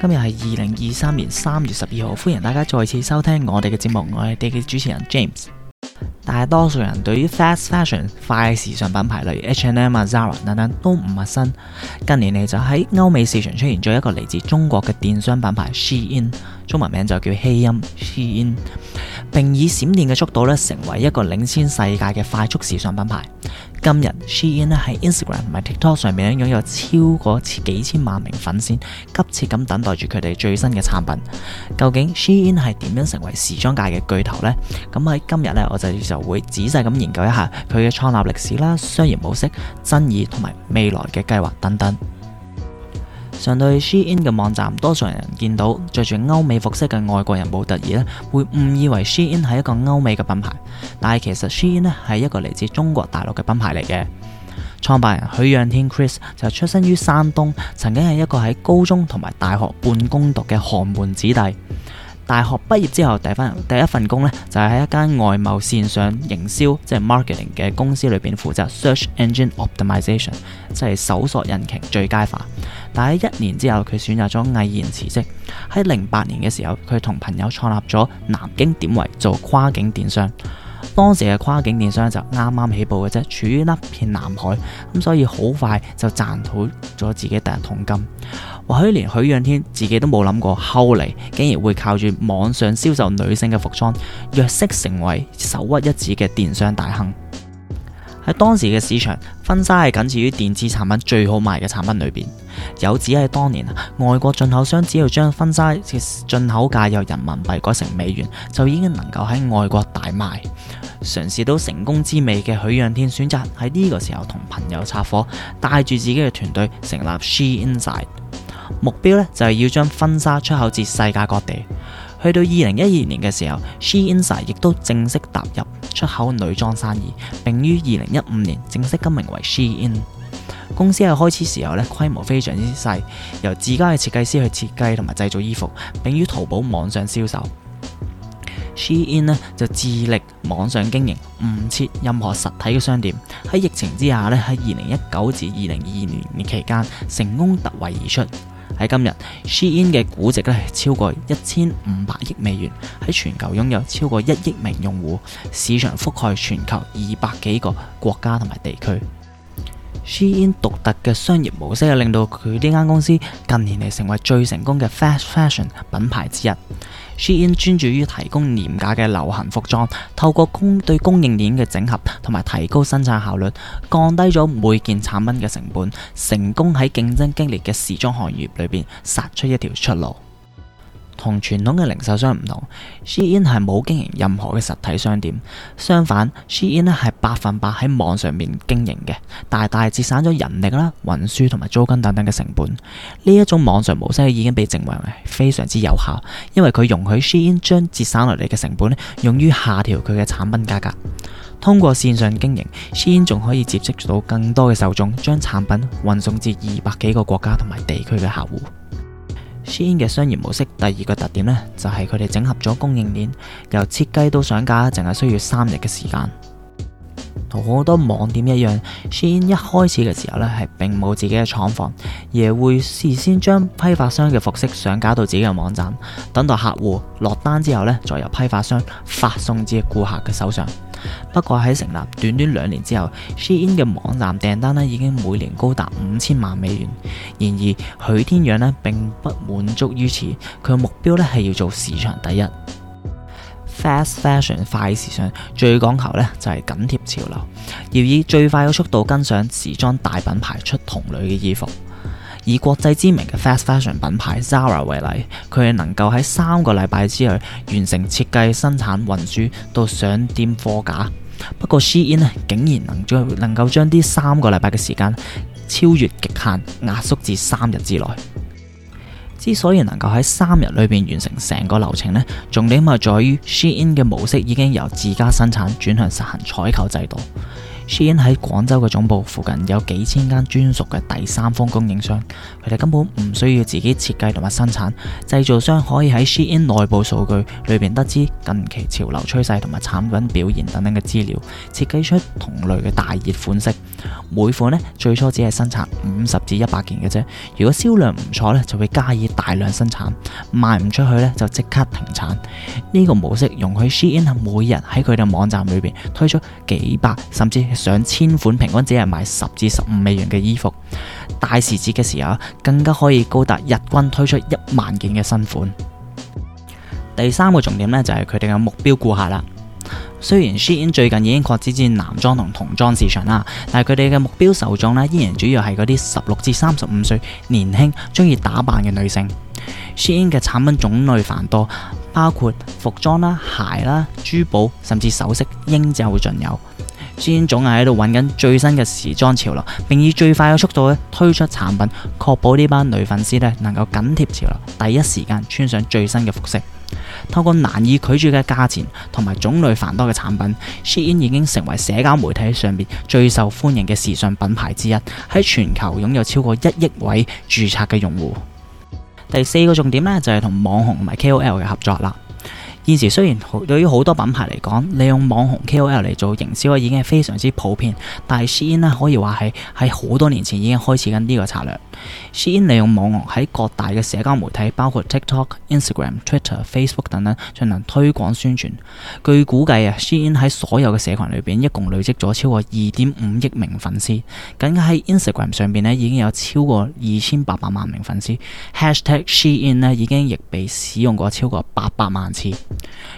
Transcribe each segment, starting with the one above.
今日係二零二三年三月十二號，歡迎大家再次收聽我哋嘅節目，我係哋嘅主持人 James。大多數人對於 fast fashion 快時尚品牌，例如 H and M 啊、Zara 等等，都唔陌生。近年嚟就喺歐美市場出現咗一個嚟自中國嘅電商品牌 Shein，中文名就叫希音 Shein，並以閃電嘅速度咧成為一個領先世界嘅快速時尚品牌。今日 Shein 喺 Instagram、同埋 TikTok 上面咧擁有超過幾千萬名粉絲，急切咁等待住佢哋最新嘅產品。究竟 Shein 係點樣成為時裝界嘅巨頭呢？咁喺今日呢，我就就會仔細咁研究一下佢嘅創立歷史啦、商業模式、爭議同埋未來嘅計劃等等。上到 Shein 嘅網站，多數人見到着住歐美服飾嘅外國人模特兒呢，會誤以為 Shein 係一個歐美嘅品牌。但係其實 Shein 呢係一個嚟自中國大陸嘅品牌嚟嘅。創辦人許仰天 Chris 就出身於山東，曾經係一個喺高中同埋大學半工讀嘅寒門子弟。大學畢業之後，第一份工咧就係、是、喺一間外貿線上營銷，即、就、係、是、marketing 嘅公司裏邊負責 search engine optimization，即係搜索引擎最佳化。但喺一年之後，佢選擇咗毅然辭職。喺零八年嘅時候，佢同朋友創立咗南京點維做跨境電商。當時嘅跨境電商就啱啱起步嘅啫，處於一片藍海，咁所以好快就賺好咗自己第一桶金。或許連許仰天自己都冇諗過，後嚟竟然會靠住網上銷售女性嘅服裝，躍式成為首屈一指嘅電商大亨。喺當時嘅市場，婚紗係僅次於電子產品最好賣嘅產品裏邊。有指喺當年外國進口商只要將婚紗嘅進口價由人民幣改成美元，就已經能夠喺外國大賣。嘗試到成功滋味嘅許仰天選，選擇喺呢個時候同朋友拆夥，帶住自己嘅團隊成立 She Inside。目標咧就係、是、要將婚紗出口至世界各地。去到二零一二年嘅時候，SheInside 亦都正式踏入出口女裝生意，并於二零一五年正式更名為 She In。公司喺開始時候咧規模非常之細，由自家嘅設計師去設計同埋製造衣服，并於淘寶網上銷售。She In 呢，就致力網上經營，唔設任何實體嘅商店。喺疫情之下咧，喺二零一九至二零二二年嘅期間成功突圍而出。喺今日，Shein 嘅估值咧係超過一千五百億美元，喺全球擁有超過一億名用戶，市場覆蓋全球二百幾個國家同埋地區。Shein 獨特嘅商業模式，又令到佢呢間公司近年嚟成為最成功嘅 fast fashion 品牌之一。Shein 專注於提供廉價嘅流行服裝，透過供對供應鏈嘅整合同埋提高生產效率，降低咗每件產品嘅成本，成功喺競爭激烈嘅時裝行業裏邊殺出一條出路。同傳統嘅零售商唔同，SHEIN 係冇經營任何嘅實體商店。相反，SHEIN 咧係百分百喺網上面經營嘅，大大節省咗人力啦、運輸同埋租金等等嘅成本。呢一種網上模式已經被證明係非常之有效，因為佢容許 SHEIN 將節省落嚟嘅成本，用於下調佢嘅產品價格。通過線上經營，SHEIN 仲可以接觸到更多嘅受眾，將產品運送至二百幾個國家同埋地區嘅客戶。SHEIN 嘅商業模式第二個特點呢，就係佢哋整合咗供應鏈，由設計到上架淨係需要三日嘅時間。同好多網店一樣，SHEIN 一開始嘅時候呢，係並冇自己嘅廠房，而會事先將批發商嘅服飾上架到自己嘅網站，等待客戶落單之後呢，再由批發商發送至顧客嘅手上。不過喺成立短短兩年之後，Shein 嘅網站訂單咧已經每年高達五千萬美元。然而，許天養咧並不滿足於此，佢嘅目標咧係要做市場第一。Fast fashion 快時尚最講求咧就係緊貼潮流，要以最快嘅速度跟上時裝大品牌出同類嘅衣服。以國際知名嘅 fast fashion 品牌 Zara 為例，佢係能夠喺三個禮拜之內完成設計、生產、運輸到上店貨架。不過 SHEIN 呢，竟然能夠能夠將啲三個禮拜嘅時間超越極限，壓縮至三日之內。之所以能夠喺三日裏邊完成成個流程呢，重點係在於 SHEIN 嘅模式已經由自家生產轉向實行採購制度。Shein 喺廣州嘅總部附近有幾千間專屬嘅第三方供應商，佢哋根本唔需要自己設計同埋生產，製造商可以喺 Shein 內部數據裏邊得知近期潮流趨勢同埋產品表現等等嘅資料，設計出同類嘅大熱款式。每款咧最初只係生產五十至一百件嘅啫，如果銷量唔錯咧，就會加以大量生產；賣唔出去咧就即刻停產。呢個模式容許 Shein 每日喺佢哋網站裏邊推出幾百甚至上千款，平均只係賣十至十五美元嘅衣服。大時節嘅時候，更加可以高達日均推出一萬件嘅新款。第三個重點呢，就係佢哋嘅目標顧客啦。雖然 Shein 最近已經擴展至男裝同童裝市場啦，但係佢哋嘅目標受眾咧依然主要係嗰啲十六至三十五歲年輕、中意打扮嘅女性。Shein 嘅產品種類繁多，包括服裝啦、鞋啦、珠寶甚至首飾應有盡有。Shein 總係喺度揾緊最新嘅時裝潮流，並以最快嘅速度咧推出產品，確保呢班女粉絲咧能夠緊貼潮流，第一時間穿上最新嘅服飾。透過難以拒絕嘅價錢同埋種類繁多嘅產品，Shein 已經成為社交媒體上面最受歡迎嘅時尚品牌之一，喺全球擁有超過一億位注冊嘅用戶。第四個重點呢，就係同網紅同埋 KOL 嘅合作啦。現時雖然對於好多品牌嚟講，利用網紅 KOL 嚟做營銷已經係非常之普遍，但係 Shein 呢可以話係喺好多年前已經開始緊呢個策略。SHEIN 利用網絡喺各大嘅社交媒體，包括 TikTok、Instagram、Twitter、Facebook 等等，進行推廣宣傳。據估計啊，SHEIN 喺所有嘅社群裏邊，一共累積咗超過二點五億名粉絲。僅僅喺 Instagram 上邊咧，已經有超過二千八百萬名粉絲。Hashtag SHEIN 咧，已經亦被使用過超過八百萬次。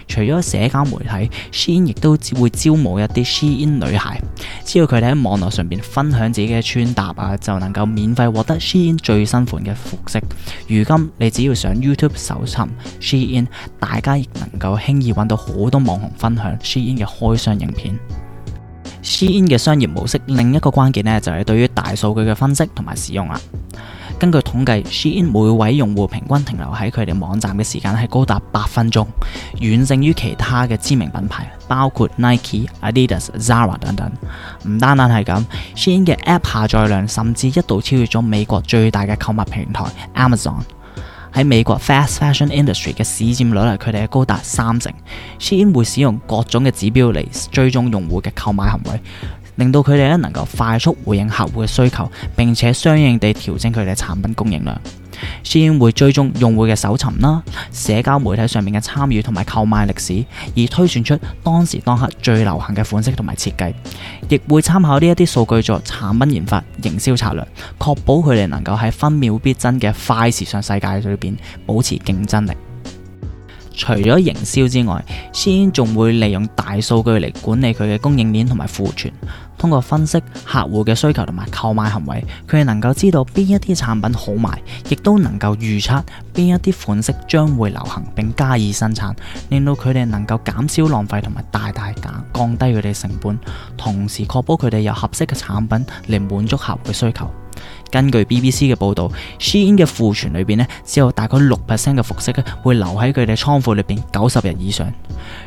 除咗社交媒體 SHEIN 亦都會招募一啲 SHEIN 女孩，只要佢哋喺網絡上面分享自己嘅穿搭啊，就能夠免費獲得 SHEIN 最新款嘅服飾。如今你只要上 YouTube 搜尋 SHEIN，大家亦能夠輕易揾到好多網紅分享 SHEIN 嘅開箱影片。SHEIN 嘅商業模式另一個關鍵呢，就係對於大數據嘅分析同埋使用啊。根據統計，Shein 每位用戶平均停留喺佢哋網站嘅時間係高達八分鐘，遠勝於其他嘅知名品牌，包括 Nike、Adidas、Zara 等等。唔單單係咁，Shein 嘅 App 下載量甚至一度超越咗美國最大嘅購物平台 Amazon。喺美國 Fast Fashion Industry 嘅市佔率係佢哋係高達三成。Shein 會使用各種嘅指標嚟追蹤用戶嘅購買行為。令到佢哋咧能夠快速回應客戶嘅需求，並且相應地調整佢哋產品供應量。先會追蹤用戶嘅搜尋啦，社交媒體上面嘅參與同埋購買歷史，而推算出當時當刻最流行嘅款式同埋設計，亦會參考呢一啲數據做產品研發、營銷策略，確保佢哋能夠喺分秒必爭嘅快時尚世界裏邊保持競爭力。除咗營銷之外，先仲會利用大數據嚟管理佢嘅供應鏈同埋庫存。通過分析客戶嘅需求同埋購買行為，佢哋能夠知道邊一啲產品好賣，亦都能夠預測邊一啲款式將會流行，並加以生產，令到佢哋能夠減少浪費同埋大大減降低佢哋成本，同時確保佢哋有合適嘅產品嚟滿足客戶嘅需求。根據 BBC 嘅報導，SHEIN 嘅庫存裏邊咧，面只有大概六 percent 嘅服飾咧會留喺佢哋倉庫裏邊九十日以上。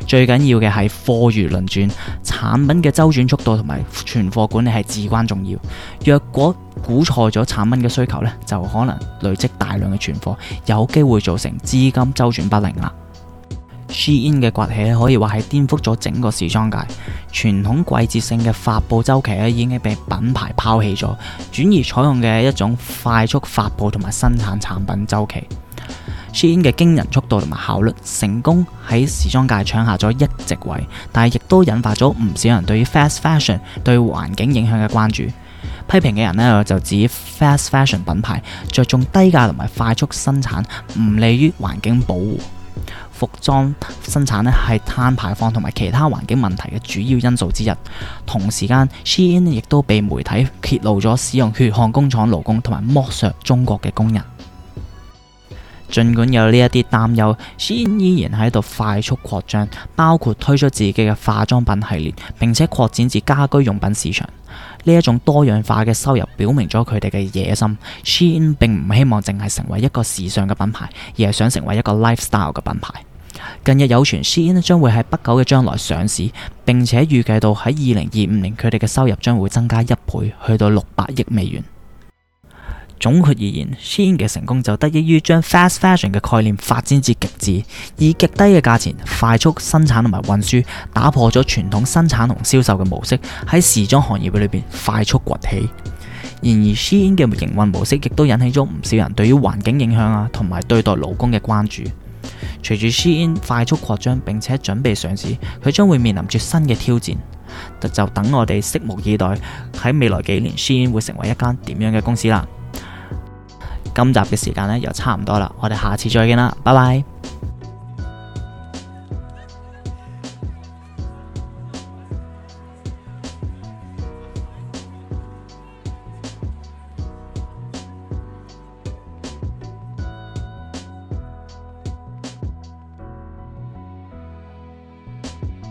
最緊要嘅係貨如輪轉，產品嘅周轉速度同埋存貨管理係至關重要。若果估錯咗產品嘅需求呢，就可能累積大量嘅存貨，有機會造成資金周轉不靈啦。SHEIN 嘅崛起可以話係顛覆咗整個時裝界，傳統季節性嘅發布周期咧已經被品牌拋棄咗，轉而採用嘅一種快速發布同埋生產產品周期。SHEIN 嘅驚人速度同埋效率，成功喺時裝界搶下咗一席位，但係亦都引發咗唔少人對於 fast fashion 對環境影響嘅關注。批評嘅人呢，就指 fast fashion 品牌着重低價同埋快速生產，唔利於環境保護。服裝生產咧係碳排放同埋其他環境問題嘅主要因素之一，同時間，Shein 亦都被媒體揭露咗使用血汗工廠勞工同埋剝削中國嘅工人。盡管有呢一啲擔憂，SHEIN 依然喺度快速擴張，包括推出自己嘅化妝品系列，並且擴展至家居用品市場。呢一種多樣化嘅收入表明咗佢哋嘅野心。SHEIN 並唔希望淨係成為一個時尚嘅品牌，而係想成為一個 lifestyle 嘅品牌。近日有傳 SHEIN 將會喺不久嘅將來上市，並且預計到喺二零二五年佢哋嘅收入將會增加一倍，去到六百億美元。總括而言，SHEIN 嘅成功就得益於將 Fast Fashion 嘅概念發展至極致，以極低嘅價錢、快速生產同埋運輸，打破咗傳統生產同銷售嘅模式，喺時裝行業嘅裏邊快速崛起。然而，SHEIN 嘅營運模式亦都引起咗唔少人對於環境影響啊，同埋對待勞工嘅關注。隨住 SHEIN 快速擴張，並且準備上市，佢將會面臨住新嘅挑戰。就，就等我哋拭目以待，喺未來幾年，SHEIN 會成為一間點樣嘅公司啦。今集嘅時間咧又差唔多啦，我哋下次再見啦，拜拜。